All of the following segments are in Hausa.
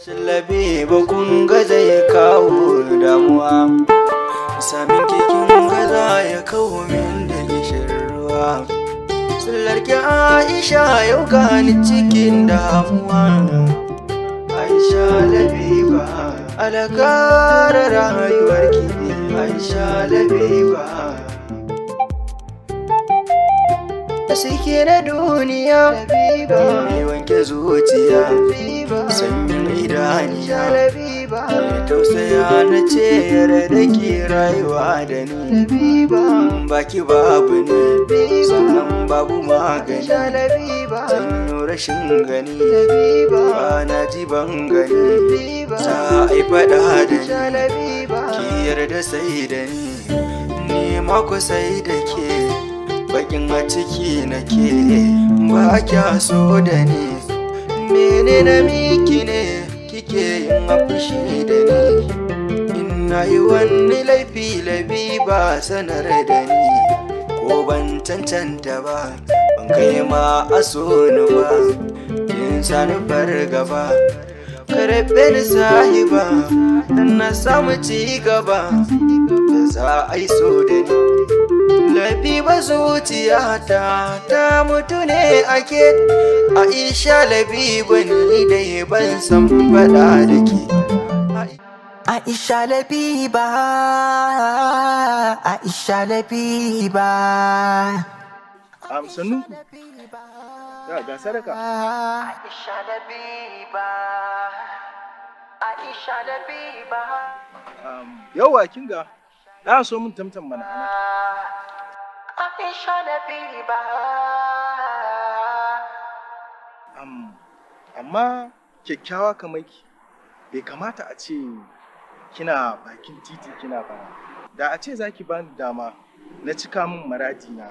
Shallabe ba ya kawo damuwa, samin kekin gaza ya kawo min da gishin ruwa. Sallarki Aisha yau gani cikin damuwa, Aisha labiba, alakarar ki, Aisha labiba. suke na duniya mai wanke zuciya sanyin idaniya mai tausaya na ce yare da ke rayuwa da ni baki babu ne sannan babu magani sanyo rashin gani ba na ji ban gani za a yi da ni ki yarda sai da ni ni mako da ke bakin a ciki nake ba kya so da ni mene na miki ne kike yin mafushi da ni ina yi wani laifi laifi ba sanar da ni ko ban cancanta ba ban kai ma a so ni ba yin sani fargaba karɓe ni sahiba na samu ci gaba za a yi so da ni labiba zuciyata ta mutu ne ake aisha labiba ni da ban san faɗa da ke Aisha Labiba, Aisha Labiba. Amsanu? Ya ga sadaka. Aisha Labiba, Aisha Labiba. Um, yawa kinga. za so mun tamtan mana ana um, amma kyakkyawa kamar ki bai kamata a ce kina bakin titi kina bara da a ce zaki bani dama na cika min maradi na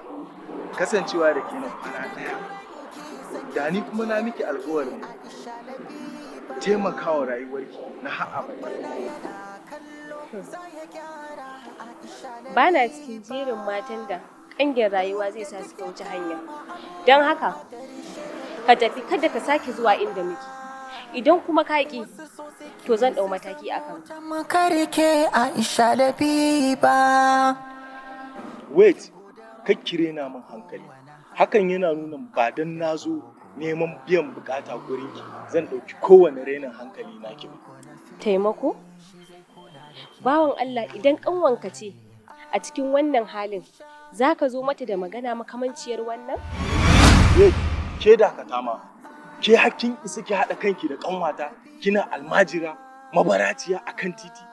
kasancewa da ke nan kwana daya da ni kuma na miki alkawarin taimakawa rayuwarki na ha'a bai ba na cikin jerin matan da ƙangin rayuwa zai sa suka wuce hanya don haka ka tafi kada ka sake zuwa inda muke idan kuma ka ƙi to zan ɗau mataki a kan wait kakkire na min hankali hakan yana nuna ba don nazo neman biyan bukata gurinki zan ɗauki kowane renin hankali na ki taimako bawan Allah idan ƙanwanka ce a cikin wannan halin za ka zo mata da magana makamanciyar wannan? Ke da ka tama, ke hakkin isa ki haɗa kanki da ƙanwata kina almajira mabaraciya a kan titi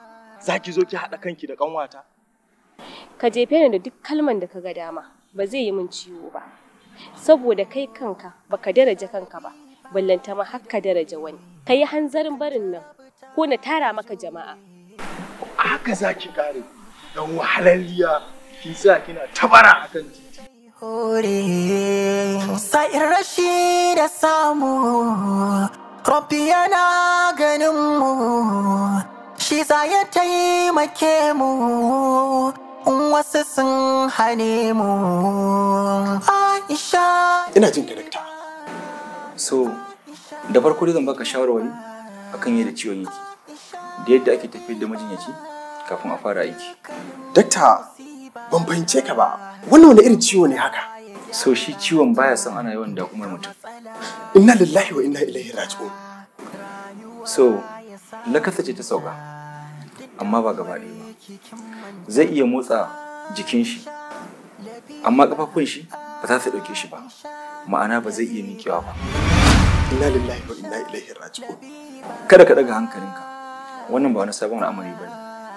za ki zo ki haɗa kanki da ƙanwata? Ka jefe ni da duk kalman da ka ga dama ba zai yi min ciwo ba, saboda kai kanka baka daraja kanka ba, ballanta ma haka daraja wani. Ka yi hanzarin barin nan ko na tara maka jama'a. haka za ki kare don wahalalliya kin sa kina tabara akan titi hore rashi da samu rabbi yana ganin mu shi za ya taimake mu wasu sun hane mu aisha ina jin darakta so da farko dai zan baka shawarwari akan yadda ciwon yake da yadda ake tafiyar da majinyaci kafin a fara aiki. Dakta, ban fahimce ka ba, wannan wani irin ciwo ne haka? So shi ciwon baya son ana yawan dakumar mutum. Inna lillahi wa inna ilaihi raji'un. So, lakasa ce ta sauka, amma ba gaba ɗaya ba. Zai iya motsa jikin shi, amma kafafun shi ba za su ɗauke shi ba. Ma'ana ba zai iya miƙewa ba. Inna lillahi wa inna ilaihi raji'un. Kada ka ɗaga hankalinka. Wannan ba wani sabon al'amari ba ne.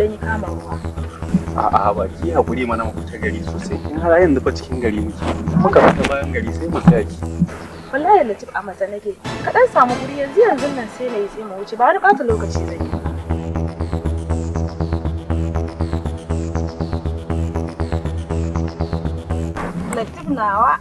dan kama ruwa a'a ba ki hakuri mana mu fita gari sosai in har yanzu fa cikin gari ne muka fita bayan gari sai mu tsaya ki wallahi latif a mata nake ka samu guri yanzu yanzu nan sai na yi sai mu wuce ba wani bata lokaci zai latif nawa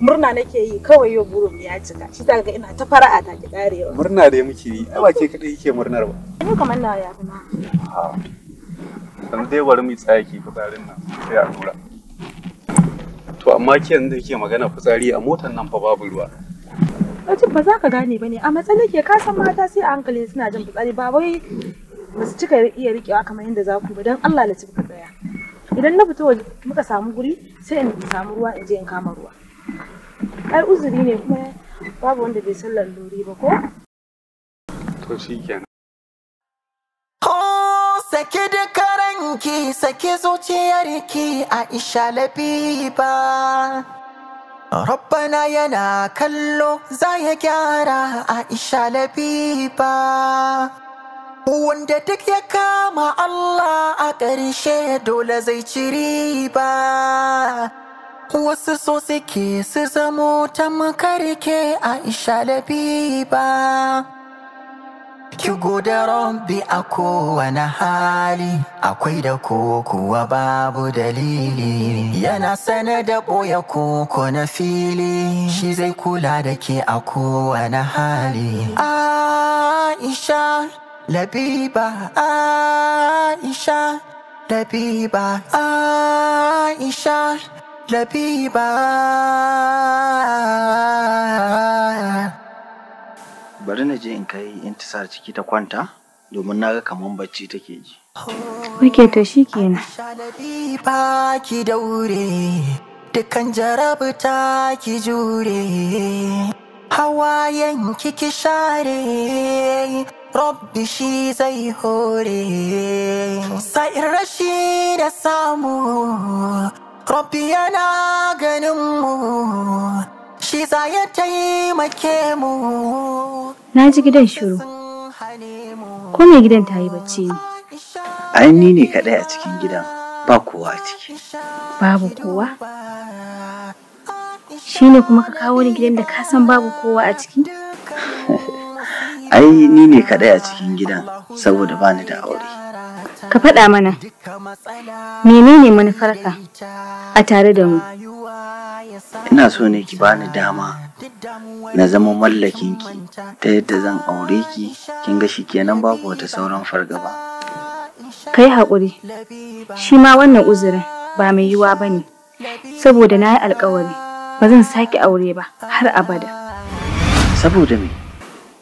murna nake yi kawai yau burin ya cika shi ta ga ina ta fara'a ta ki karewa murna da muke yi a ba kada yake murnar ba ni kamar na ya kuma dan dai bari mu tsaya ki fitsarin nan sai a dura to amma ke yanzu yake magana fitsari a motar nan fa babu ruwa Aji ba za ka gane ba ne a matsayin ke ka san mata sai a hankali suna jin fitsari ba wai ba su cika iya riƙewa kamar yadda za ku ba don Allah la ci tsaya idan na fito muka samu guri sai in samu ruwa in je in kama ruwa ai uzuri ne kuma babu wanda bai san lalluri ba ko to saki dukaranki saki zuciyarki aisha labiba rabbana yana kallo za ya gyara Aisha Labiba wanda duk ya kama Allah a ƙarshe dole zai ciri ba. wasu so suke su zamo tamkar ke aisha labiba ki gode rabbi a kowane hali akwai da ko kuwa babu dalili yana sana da boye koko na fili shi zai kula da ke a kowane hali aisha labiba aisha labiba aisha Labiba Bari na je in kai intisar ciki ta kwanta domin na ga kaman bacci take ji. Wake to shi kenan. Labiba ki daure dukan jarabta ki jure. Hawayen kiki share Rabbi shi zai hore, sa'in rashi da samu Rabbi yana ganin mu shi za ya taimake mu. Na ji gidan shiru. Ko mai gidan ta yi bacci ne? Ai ni ne kaɗai a cikin gidan ba kowa a ciki. Babu kowa? Shi ne kuma ka kawo ni gidan da ka san babu kowa a ciki? Ai ni ne kaɗai a cikin gidan saboda ba ni da aure. Ka faɗa mana, menene manufarka a tare da mu? Ina so ne ki bani dama na zama mallakinki ta yadda zan aure ki, kin ga shi kenan babu wata sauran fargaba. Ka yi haƙuri, shi ma wannan uzurin ba mai yiwa ba ne, saboda na yi alkawari ba zan sake aure ba har abada. Saboda me?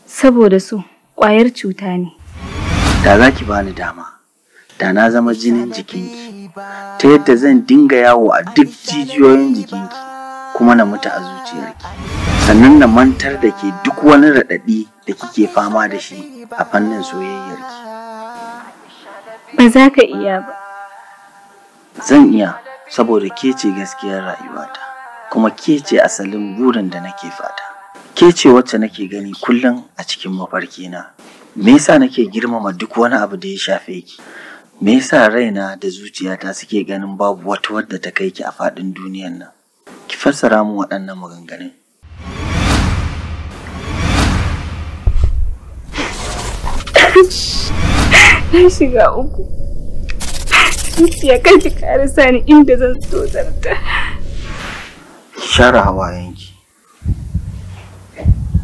Saboda su, ƙwayar cuta ne. Da za ki bani dama. da na zama jinin jikinki ta yadda zan dinga yawo a duk jijiyoyin jikinki kuma na mutu a zuciyarki sannan na mantar da ke duk wani raɗaɗi da kike fama da shi a fannin soyayyarki ba za ka iya ba zan iya saboda ke ce gaskiyar rayuwata kuma ke ce asalin burin da nake fata ke ce wacce nake gani kullum a cikin mafarkina me yasa nake girmama duk wani abu da ya shafe ki Me yasa raina da zuciyata suke ganin babu wata wadda ta kai ki a faɗin duniyar nan? Ki fassara mu waɗannan maganganun. Na shiga uku. Zuciya kai ki kare sani inda zan tozarta. Ki share hawayenki.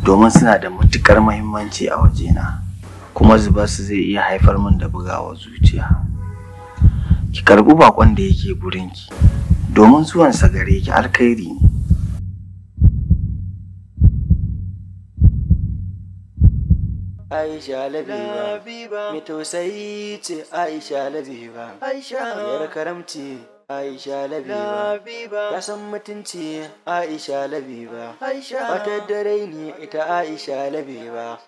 Domin suna da matuƙar muhimmanci a wajena. kuma zubarsu zai iya haifar min da bugawa zuciya ki karɓi bakon da yake gurinki domin zuwansa gare ki alkhairi ne Aisha Labiba, mai tausayi ce Aisha Labiba, yar karamci Aisha Labiba, ka san mutunci Aisha Labiba, wata dare ne ita Aisha Labiba.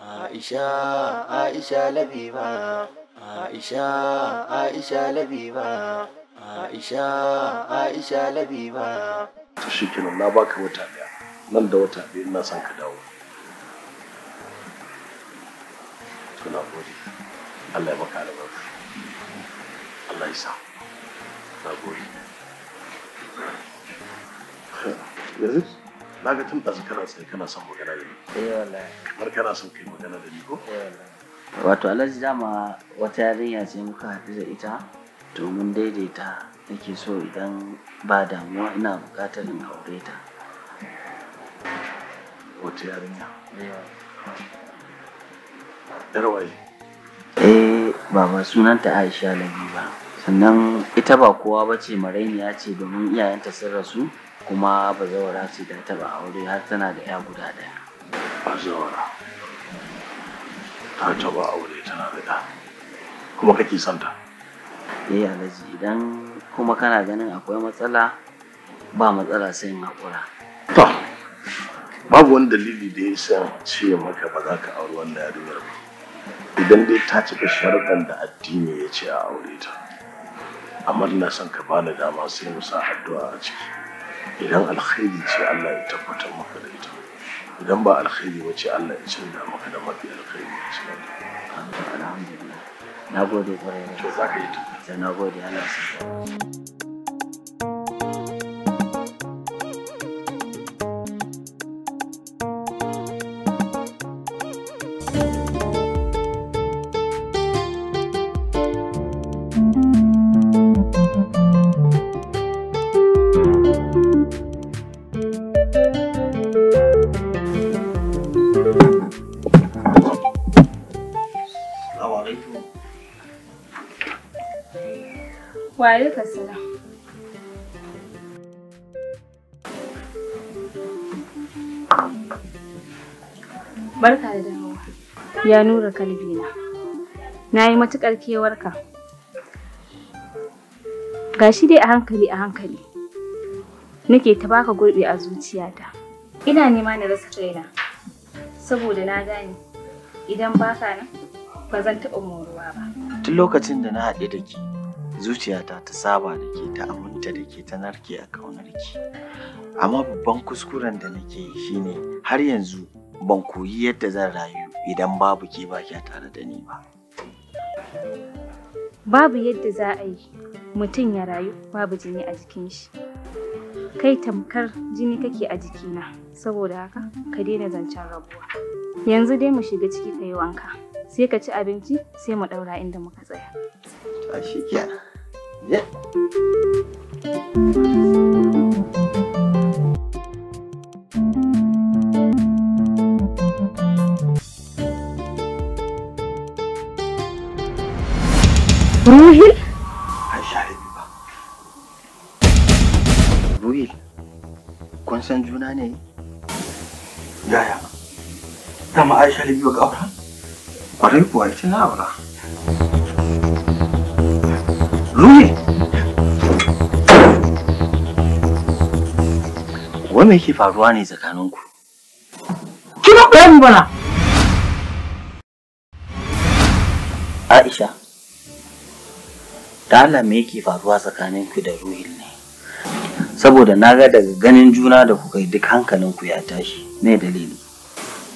Aisha, Aisha Labiba, Aisha, Aisha Labiba, Aisha, Aisha Labiba. To shi kenan na baka wata biya. nan da wata daya ina son ka dawo. To na gode, Allah ya baka albarka, Allah ya sa, na gode. Yanzu na tun ɗazu kana tsaye kana son magana da ni eh wallahi kamar kana son kai magana da ni ko eh wallahi wato alhaji dama wata yarinya ce muka haɗu da ita to mun daidaita nake so idan ba damuwa ina buƙatar in aure ta wata yarinya eh, yar waye eh baba sunanta Aisha Labiba sannan ita ba kowa bace marainiya ce domin iyayenta sun rasu kuma ba zawara su da taba aure har tana da ya guda daya ba zawara ta taba aure tana da kuma kake son ta eh alhaji idan kuma kana ganin akwai matsala ba matsala sai in haƙura to babu wani dalili da ya san ce maka ba za ka auri wannan yarinyar ba idan dai ta cika sharuɗan da addini ya ce a aure ta amma ina son ka bani dama sai mu sa addu'a a ciki idan alkhairi ce Allah ya tabbatar maka da ita idan ba alkhairi ba ce Allah ya canza maka da mafi alkhairi ya ce alhamdulillah na gode kwarai da za ka yi ta na gode Allah ya nura kalbina na yi matuƙar kewarka ga shi dai a hankali a hankali nake ta baka gurbi a zuciyata ina nema na rasa kaina saboda na gane idan baka nan ba zan taɓa moruwa ba tun lokacin da na haɗe da ke zuciyata ta saba da ke ta aminta da ke ta narke a ƙaunar ki amma babban kuskuren da nake shine har yanzu ban koyi yadda zan rayu idan babu ke ba kya tare da ni ba. Babu yadda za a yi mutum ya rayu babu jini a jikin shi. Kai tamkar jini kake a jikina saboda haka ka daina zancen rabuwa. Yanzu dai mu shiga ciki ka yi wanka sai ka ci abinci sai mu ɗaura inda muka tsaya. Tashi kenan. Yeah. Ruhil? Ruhil, kun san juna ne? Yaya, dama Aisha Libiwa ga aura? Kwarai kuwa ita na aura. Ruhil! Wai me yake faruwa ne tsakaninku? Kina bayani bana! da Allah me yake faruwa tsakanin ku da ruhin ne saboda na ga daga ganin juna da kuka yi duk hankalin ku ya tashi ne dalili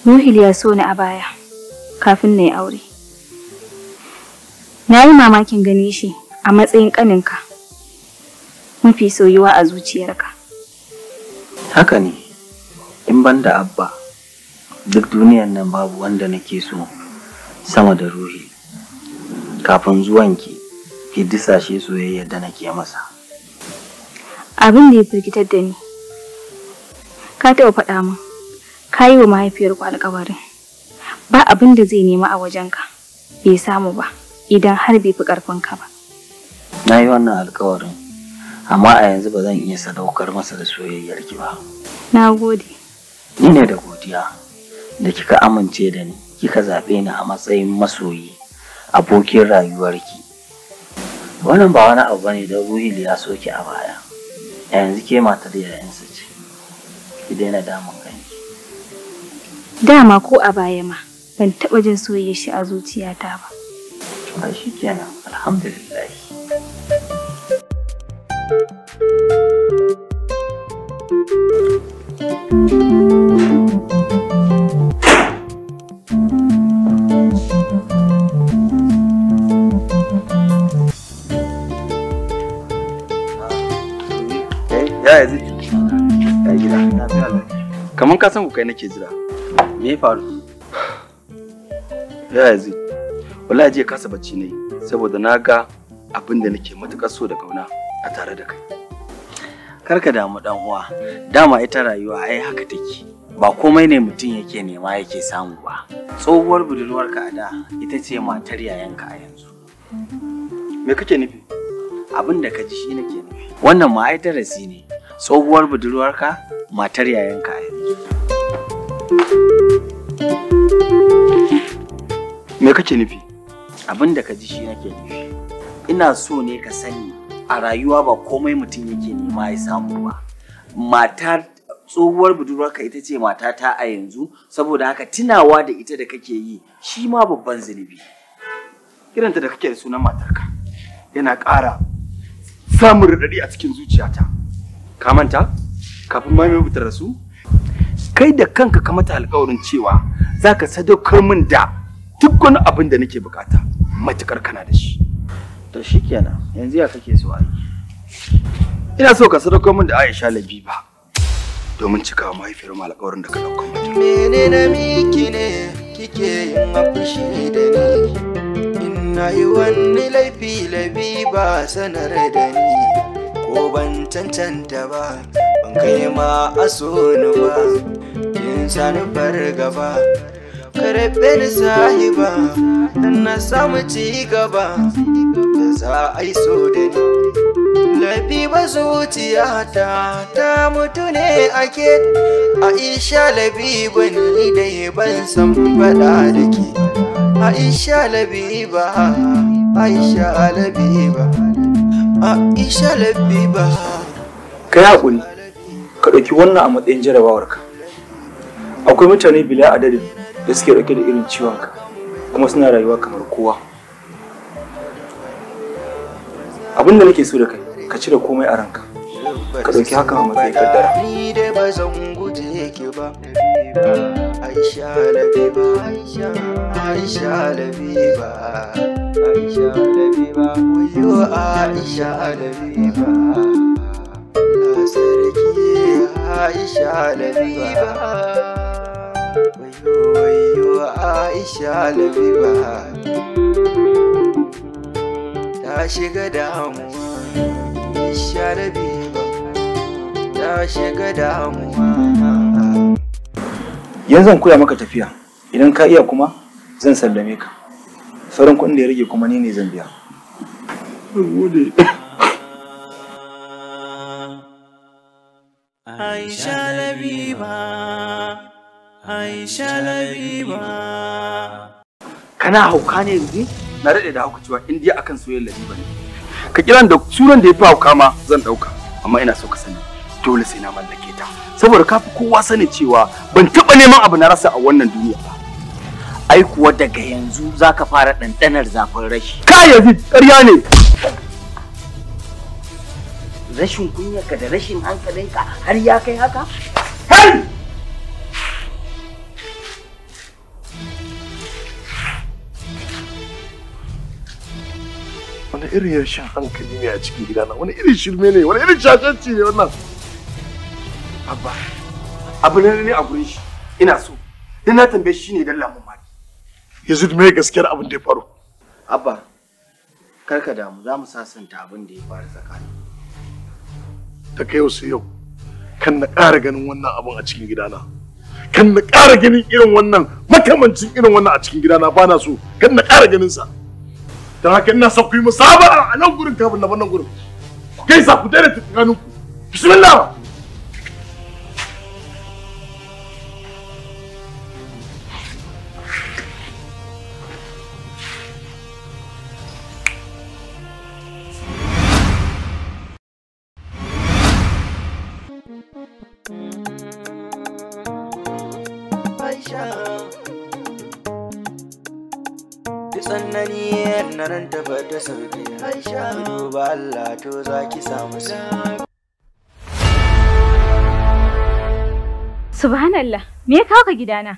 ruhil ya so ni a baya kafin na yi aure na yi mamakin gani shi a matsayin ƙaninka mafi soyuwa a zuciyarka haka ne in ban da abba duk duniyan nan babu wanda nake so sama da ruhi kafin zuwanki ki disashe soyayyar da nake masa abin da ya firgitar da ni ka taɓa faɗa min ka yi wa mahaifiyarku alƙawarin, ba abin da zai nema a wajenka bai samu ba idan har bai fi ƙarfinka ba na yi wannan alƙawarin, amma a yanzu ba zan iya sadaukar masa da soyayyar ki ba na gode ni ne da godiya da kika amince da ni kika zaɓe ni a matsayin masoyi abokin rayuwarki wannan ba wani abu bane don ruhi ya soke a baya a yanzu ke mata matar yayansa ce ki daina damun kanki dama ko a baya ma ban taɓa jin soyayya shi a zuciyata ba ba shi kenan alhamdulillah ka san ku kai nake jira. Me ya faru? Ya yazi. Wallahi je kasa bacci ne saboda na ga abin da nake matukar so da kauna a tare da kai. Karka damu dan uwa. Dama ita rayuwa ai haka take. Ba komai ne mutum yake nema yake samu ba. Tsohuwar budurwarka a da ita ce matar yayanka a yanzu. Me kake nufi? Abin da ka ji shi nake nufi. Wannan ma ai darasi ne. tsohuwar budurwarka matar yayanka a yanzu. Me kake nufi? Abin da ka ji shi nake nufi. Ina so ne ka sani a rayuwa ba komai mutum yake nema ya samu ba. Matar tsohuwar budurwarka ita ce matata a yanzu saboda haka tunawa da ita da kake yi shi ma babban zunubi. Kiranta da kake da sunan matarka yana ƙara samun raɗaɗi a cikin zuciyata. Ka manta? Kafin ma mai fitar su? Kai da kanka ka mata alƙawarin cewa za ka sadaukar min da duk wani abin da nake bukata matukar kana da shi. To shikenan yanzu ya kake so a Ina so ka sadaukar min da Aisha Labiba. domin cika mahaifiyar mu alƙawarin da ka ɗauka mata. Menene na miki ne kike yin afushi da ni? Ina yi wani laifi Labiba ba sanar da ni. ko ban cancanta ba ban kai ma a ni ba yin sani fargaba karɓe ni sahiba dan na samu ci gaba da za a yi so da ni labiba zuciyata ta mutu ne ake aisha labiba ni dai ban san faɗa da ke aisha labiba aisha labiba Ka Labiba. hakuri, ka ɗauki wannan a matsayin jarabawarka. Akwai mutane bila adadin da suke ɗauke da irin ciwonka, kuma suna rayuwa kamar kowa. Abin da nake so da kai, ka cire komai a ranka. Ka ɗauki hakan a matsayin kaddara. guje Aisha Labiba, Aisha Labiba. Aisha Labiba wayo Aisha Labiba Allah sarki Aisha Labiba wayo wayo Aisha da biba ta shiga damuwa Aisha da Labiba ta shiga damuwa yanzu koya maka tafiya idan ka iya kuma zan sallame ka sauran kuɗin da ya rage kuma ni ne zan biya Aisha Labiba Aisha Labiba Kana hauka ne yanzu? Na daɗe da hauka cewa indiya akan soyayyar Labiba ne. Ka kiran da sunan da ya fi hauka ma zan ɗauka, amma ina so ka sani dole sai na mallake ta. Saboda ka kowa sani cewa ban taɓa neman abu na rasa a wannan duniya ba. ai kuwa daga yanzu za ka fara ɗanɗanar zafin rashi. Ka yanzu ƙarya ne! Rashin kunyarka da rashin hankalinka har ya kai haka? Wani irin rashin hankali ne a cikin gidana, wani irin shirme ne, wani irin shashanci ne wannan. Abba, abu ne a gurin shi, ina so, dan na tambaye shi ne don lamun yanzu mai gaskiyar abin da ya faru abba kar ka damu za mu sasanta abin da ya faru tsakanin ta kai wasu yau kan na ƙara ganin wannan abin a cikin gidana kan na ƙara ganin irin wannan makamancin irin wannan a cikin gidana ba na so kan na ƙara ganin sa don haka ina son ku yi musaba a nan gurin kafin na wannan gurin ku kai sa ku daina tsakaninku bismillah samu Subhanallah, me ya kawo ka gidana?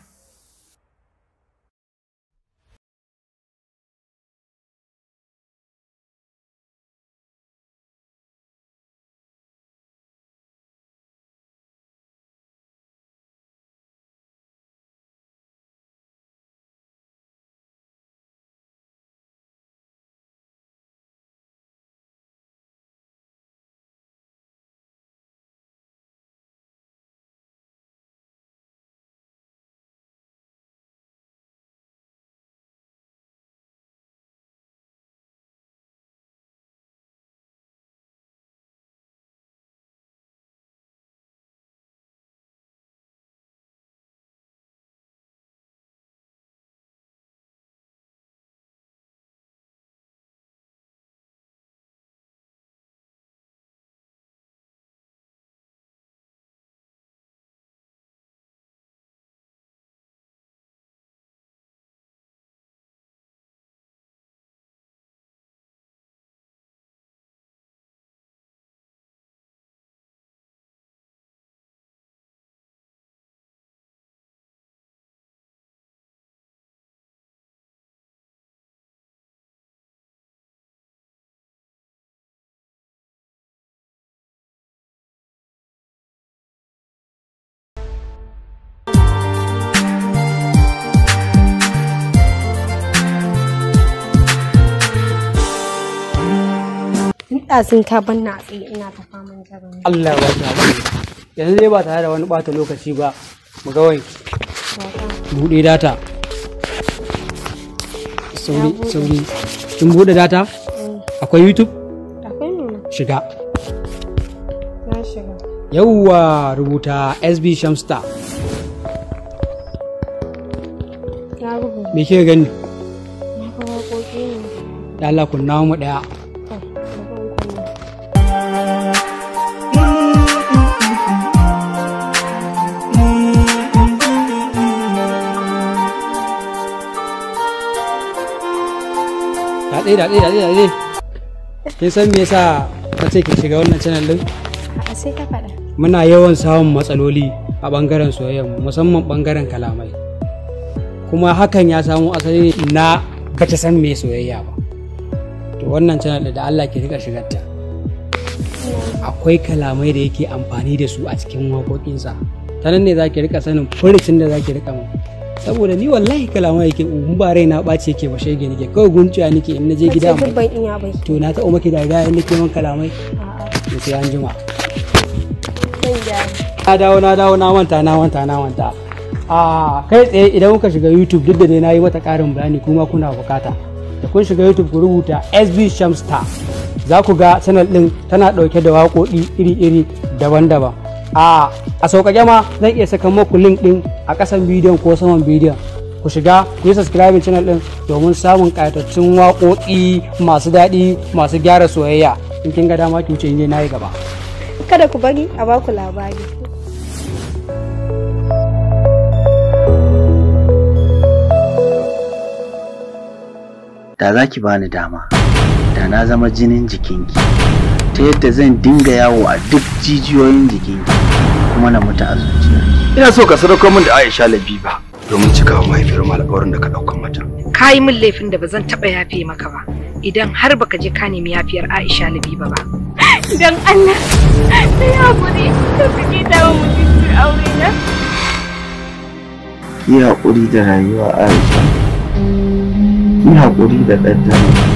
ɗazin ka ban na ina ta faman Allah ba ta yanzu dai ba tare da wani ɓata lokaci ba mu ga wai buɗe data sauri sauri kin buɗe data eh. akwai youtube akwai nuna shiga na shiga yawwa rubuta sb shamstar me ke gani Allah kunna mu daya daɗe san me yasa ka ce ki shiga wannan channel din a sai ka faɗa muna yawan samun matsaloli a bangaren soyayya musamman bangaren kalamai kuma hakan ya samu asali na bata san me soyayya ba to wannan channel da Allah ke rika shigarta akwai kalamai da yake amfani da su a cikin waƙoƙinsa ta nan ne za rika sanin furucin da zaki rika mu saboda ni wallahi kalama yake in ba raina ɓaci yake ba shege nake kawai guntuya nake in naje gida mu to na taɓa maki daga in nake man kalamai to sai an jima na dawo na dawo na manta na manta na manta a kai tsaye idan kuka shiga youtube duk da dai nayi wata ƙarin bayani kuma kuna bukata da kun shiga youtube ku rubuta sb shamstar za ku ga channel ɗin tana ɗauke da waƙoƙi iri-iri daban-daban a a sauƙaƙe ma zan iya saka muku link ɗin a ƙasan bidiyon ko saman bidiyon ku shiga ku yi subscribe channel ɗin domin samun ƙayatattun waƙoƙi masu daɗi masu gyara soyayya in kin ga dama ki wuce in na yi gaba kada ku bari a baku labari da za ki bani dama da na zama jinin jikinki ta yadda zan dinga yawo a duk jijiyoyin jiki kuma na mutu a zuciya ina so ka sadaukar min da Aisha Labiba domin wa mahaifiyar mu alƙawarin da ka ɗaukan mata ka yi min laifin da ba zan taɓa yafe maka ba idan har baka je ka nemi yafiyar Aisha Labiba ba. Don Allah, ta yi haƙuri, ta suke dawo mutunci aure na. Yi haƙuri da rayuwa Aisha, Ki haƙuri da ɗan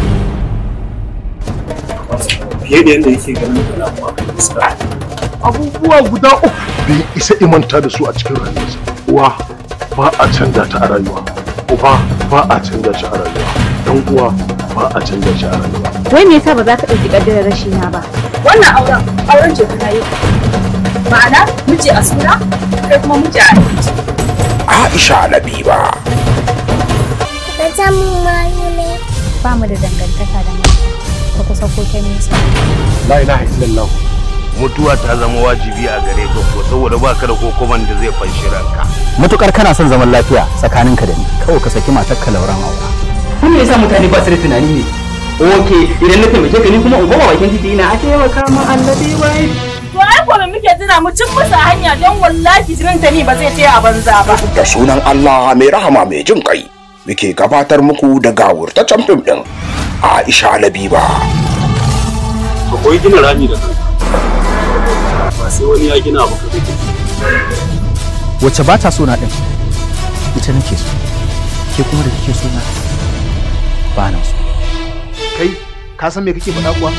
fiye da yadda yake ganin wani abuwa mai fuska abubuwa guda uku bai isa imanta da su a cikin rayuwarsa uwa ba a canza ta a rayuwa uba ba a canza shi a rayuwa dan uwa ba a canza shi a rayuwa wai me yasa ba za ka ɗauki ƙaddarar rashi na ba wannan auren auren ce ta yi ma'ana miji a suna kai kuma miji a aiki Aisha Labiba. Ba ta mu mayu ne. Ba mu da dangantaka da Ka kusa ko ta nisa la ilaha illallah mutuwa ta zama wajibi a gare ka ko saboda ka da kokoman da zai fanshi ranka mutukar kana son zaman lafiya tsakaninka da ni kawai ka saki matar ka lauran aura kun me yasa mutane ba su da tunani ne oke idan na taimake ka ni kuma in goma bakin titi ina a taimaka ma annabi wai to ai ko me muke tuna mu cin musu hanya don wallahi jinin ta ni ba zai ce a banza ba da sunan Allah mai rahama mai jin kai muke gabatar muku da gawurtaccen fim din Aisha Labiba. Akwai gina rami da kanka. Ba sai wani ya gina ba ka Wacce ba ta so na ɗin? Ita nake so. Ke kuma da kike so na ba na so. Kai, ka san me kake faɗa kuwa?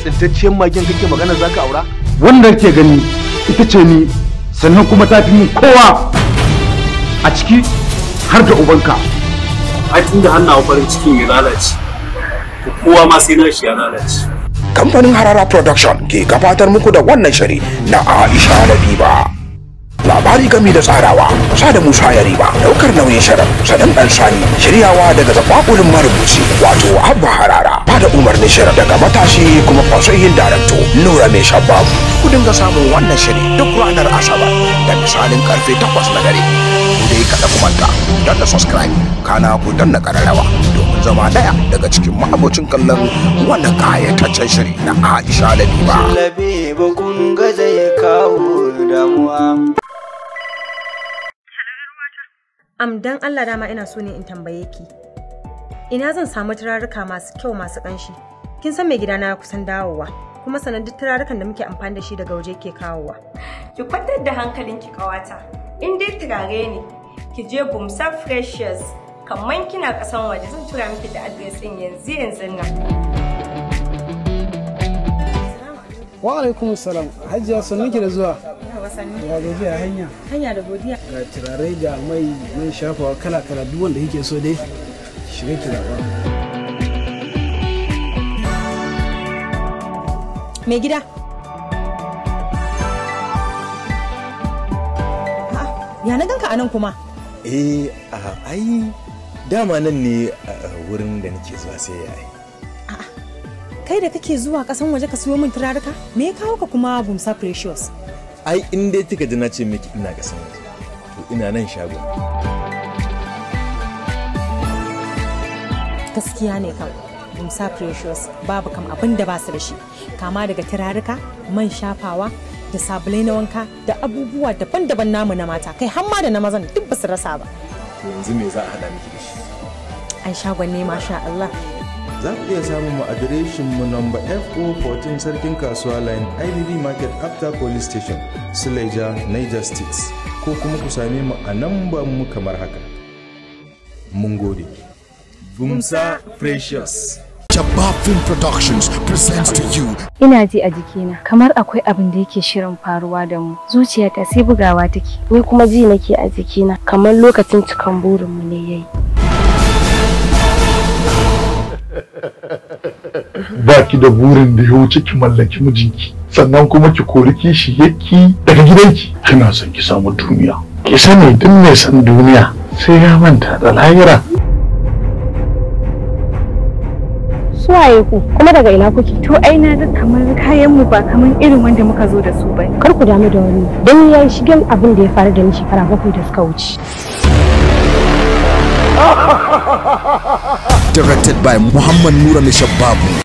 Tsintacciyar magen kake magana za ka aura? Wanda ke gani ita ce ni sannan kuma ta fi kowa a ciki har da ubanka. Ai da hannawa farin cikin ya lalace. kowa ma sai nashi ya lalace kamfanin harara production ke gabatar muku da wannan shiri na aisha labiba labari gami da tsarawa sa da musa ya riba daukar nauyin shirin sadan dan sani shiryawa daga zababulin marubuci wato abba harara ba da umarnin shirin daga matashi kuma fasoyin darakto nura mai shababu ku dinga samun wannan shiri duk ranar asabar da misalin karfe 8 na dare ku dai kada ku manta don subscribe kana ku danna kararrawa zama daya daga cikin mahabocin kallon wannan kayataccen shiri na Aisha Labiba. Labiba kun ga zai kawo damuwa. Am Allah dama ina so ne in tambaye ki. Ina zan samu turaruka masu kyau masu kanshi. Kin san mai gidana ya kusan dawowa. Kuma sanan duk turarukan da muke amfani da shi daga waje ke kawowa. Ki kwantar da ki kawata. In dai turare ne, ki je Bumsa Freshers kamar kina kasan waje zan tura miki da adres din yanzu yanzu nan wa alaikum salam hajiya sun ki da zuwa ya a hanya hanya da godiya ga turare da mai mai shafawa kala kala duk wanda kike so dai shiga turare mai gida ya na ganka anan kuma eh ai dama nan ne wurin da nake zuwa sai ya yi kai da kake zuwa kasan waje ka siyo min turaruka me ya kawo ka kuma bumsa precious ai in dai tuka ji na ce miki ina kasan waje to ina nan shago gaskiya ne kam bumsa precious babu kam abin da ba su da shi kama daga turaruka man shafawa da sabulai na wanka da abubuwa daban-daban namu na mata kai hamma da na mazan duk ba su rasa ba yanzu me za a hada miki da shi an shagon ne masha Allah za ku iya samun mu adireshin mu namba fo14 sarkin kasuwa line ibb market after police station suleja niger state ko kuma ku same mu a namban mu kamar haka mun gode bumsa precious Shabab Film Productions presents to you. Ina ji a jikina kamar akwai abin da yake shirin faruwa da mu. Zuciyata sai bugawa take. Wai kuma ji nake a jikina kamar lokacin cikan burin mu ne yayi. Ba ki da burin da ya wuce ki mallaki mijinki. Sannan kuma ki kori kishi yaki daga gidanki. Kina son ki samu duniya. Ki sani duk mai son duniya sai ya manta da lahira. suwaye ku kuma daga ina kuke to ai na ga kamar kayan mu ba kamar irin wanda muka zo da su ba kar ku damu da wani dan yayi shigen abin da ya faru da ni shekara bakwai da suka wuce directed by Muhammad Nura Mishababu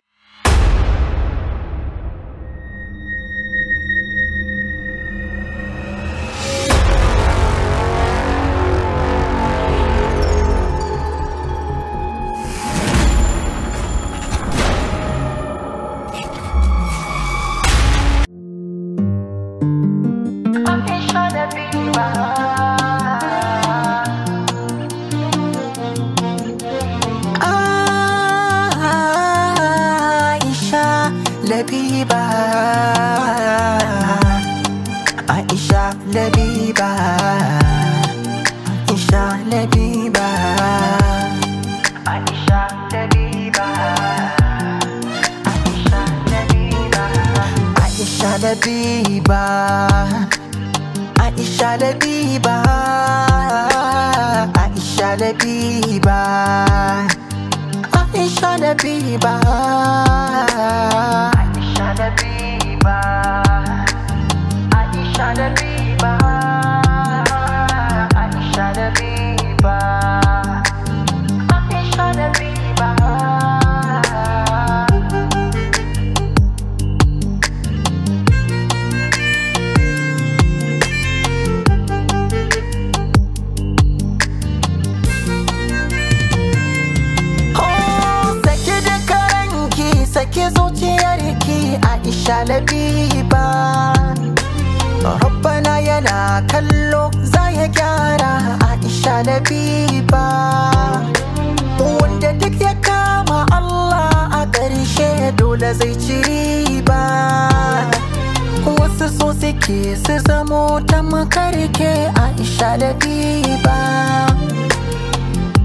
karke aisha da biba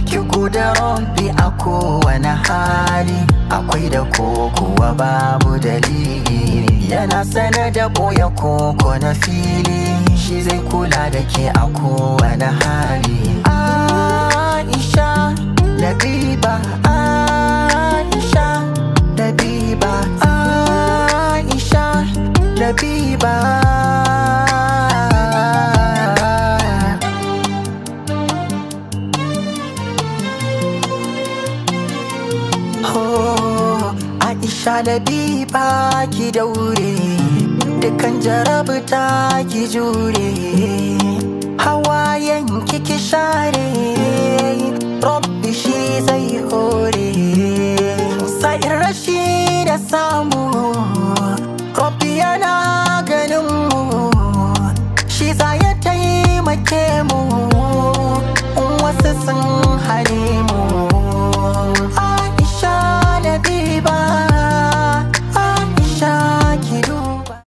ki guda rompi a kowane hali akwai da kokowa babu dalili yana sana da boye koko na fili shi zai kula da ke a kowane hali aisha da biba aisha da aisha shalabi ba ki daure dukan jarabta ki jure hawayen kiki share rabbi shi zai hore sa'ir rashi da samu rabbi yana ganin mu shi za ya taimake mu wasu sun hare mu Aisha da Biba